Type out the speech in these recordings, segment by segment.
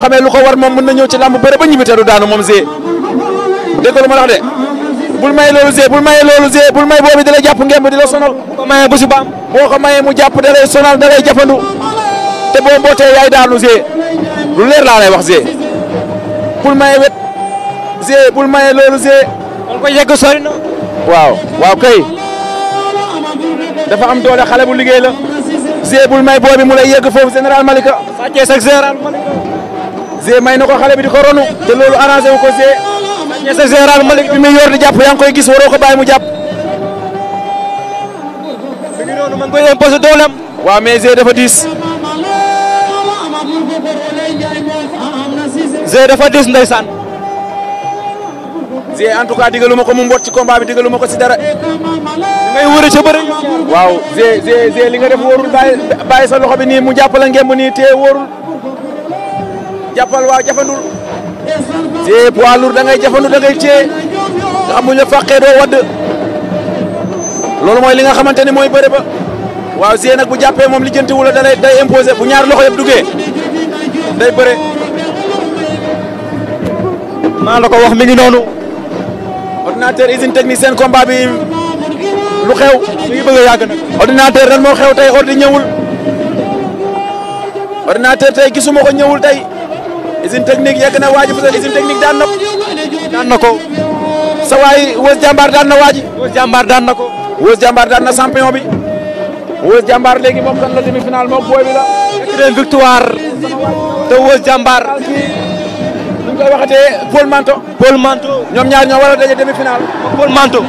xamee lu ko war moom mën na ñëw ci làmb bëre ba ñibbi te du daanu moom Zé dégg ma wax de bul may loolu Zé bul may loolu di la jàpp ngemb di la sonal ko mayee si baam boo ko mayee mu jàpp da lay sonal da lay jafandu te boo mbootee yaay daanu Zé lu leer laa lay wax Zé bul mayee wet Zé bul mayee loolu Zé waaw waaw kay dafa doole xale bu liggéey la Zé bul may boobi mu lay yegg foofu général Malika Zé may na ko xale bi di ko ronu te loolu arrangé ko Zé ñese yor di jàpp yaa koy gis waroo ko bàyyi mu jàpp mi ngi noonu man koy imposé dooleem waaw mais Zé dafa diis Zé dafa diis ndeysaan Zé en tout digaluma ko mu mbot ci combat digaluma ko si dara ngay wërë ca bëri waaw Zé Zé li nga def wóorul bàyyi sa loxo bi nii mu jàpp la ngemb nii te wóorul jàppal waaw jafandul téye poids lourd da ngay jafandu da ngay bu ñu la doo wadd loolu mooy li nga xamante ni mooy bëre ba waaw Zia nag bu jàppee moom lijjanti wu la da lay day imposé bu ñaar loxo yëpp duggee day bëre. maa la ko wax mi ngi noonu. ordinateur usine technique seen combat bi lu xew. mi bëgg a yàgg nag. moo xew tey ordi ñëwul ordinateur tey ñëwul tey. usine technique yegg na waaji fësal usine technique daan na ko. daan na ko. sa waay Weuz Diambar daan na waaji. Weuz Diambar daan na ko. Weuz bi. Weuz Diambar léegi moom kan la demi final moom booy bi la. quatrième victoire de Weuz Diambar. nu ñu koy Manto. ñoom ñaar ñoo war a daje demi final. Paul Manto.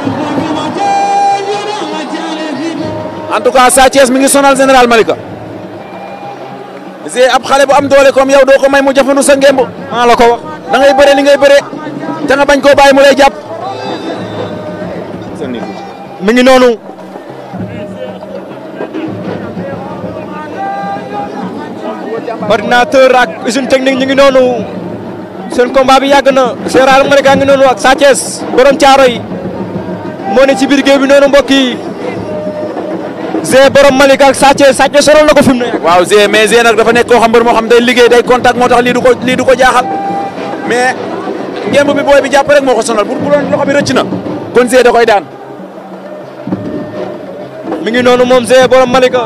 en tout cas Sa mi ngi sonal général Malika. Zé ab xale bu am doole comme yow doo ko may mu jafandu sa ngemb maa la ko wax da bëre li ngay bëre te nga bañ koo bàyyi mu lay jàpp. mi ngi noonu. ordinateur ak usine technique ñu ngi noonu seen combat bi yàgg na Général Malika a ngi noonu ak Sa Thiès borom caaro yi ci biir géew bi noonu mbokk yi Zé borom Malika ak Sathié Sathié soroon na ko fi mu ne. waaw Zé mais Zé nag dafa nekk koo xam mbër moo xam day liggéey day contact moo tax lii ko lii ko jaaxal mais ngemb bi booy bi jàpp rek moo ko sonal bu bu doon loxo bi rëcc na kon Zé da koy daan. mi ngi noonu moom Zé borom Malika.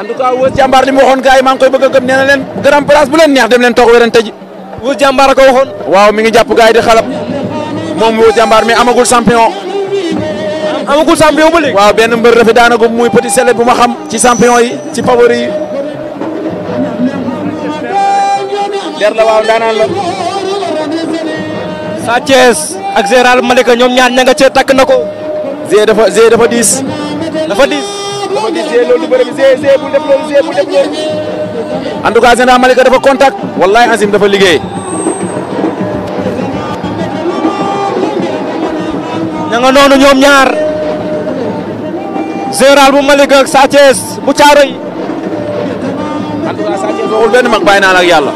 en tout cas Wës jàmbaar li mu waxoon gars yi maa ngi koy bëgg a gëm leen grand place bu leen neex dem leen toog werante ji. Wës jàmbaar a ko waxoon. waaw mi ngi jàpp gars yi di xalab moom Wës jàmbaar mi amagul champion. amagul champion ba léegi. waaw benn mbër dafa daanaka muy petit sellet bu ma xam ci champion yi ci favori yi. der la waaw daanaan la. Sa Thiès ak Général Malika ñoom ñaar ña nga takk na ko. Zé dafa Zé dafa diis. dafa diis. dafa diis Zé loolu bëri Zé Zé bu def loolu bu def loolu. en tout cas Général Malika dafa contact. wallahi Azim dafa liggéey. ña nga noonu ñoom ñaar général bu Malika ak Sa Thiès bu Thiaroye. en tout cas Sa Thiès waxul benn mag bàyyi naa la ak yàlla.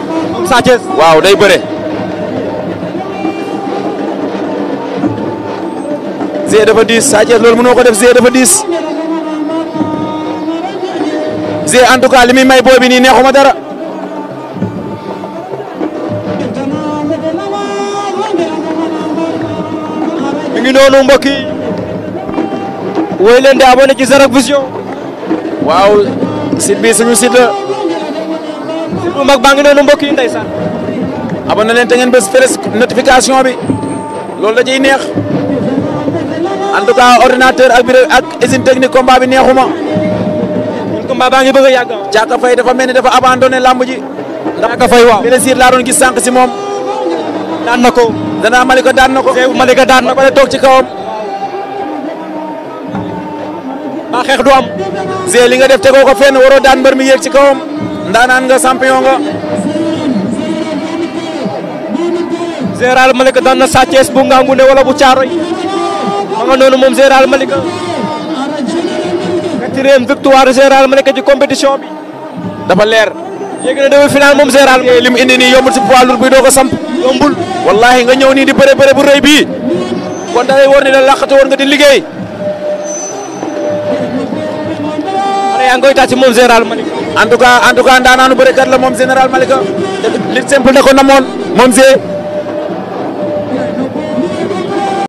Sa waaw day bëre. Zé dafa diis Sa Thiès loolu mënoo ko def Zé dafa diis. Zé en tout cas li muy may boobi nii neexuma dara. loolu noonu mbokk yi woy leen di abonné ci Zarak Vision waaw site bi suñu site la site bu mag baa ngi noonu mbokk yi ndeysaan abonné leen te ngeen bés fres notification bi loolu da ciy neex en tout cas ordinateur ak bureau ak usine technique combat bi neexuma combat baa ngi bëgg a yàgg Caaka Faye dafa mel ni dafa abandonné lamb ji ndax Caaka Faye waaw benn siir laa doon gis sànq si moom Dan na ko Général Malika dan na ko Malika dan na ko toog ci kawam ba xeex du am Seydou li nga def tegoo ko fenn waroo daan mbër mi ci kawam ndaanaan nga champion nga Général Malika dan na Sa Thiès bu Ngangune wala bu Thiaroy nga noonu moom Général Malika quatrième victoire Général Malika ci compétition bi dafa leer yéegi na final moom général lim indi nii yombul si poids lourd bi samp wallahi nga di bëre bëre bu rëy bii kon da lay war ni la làqatu woon nga di liggéey xale yaa ngi koy tàcc général Malika en tout cas en tout cas la général li simple da ko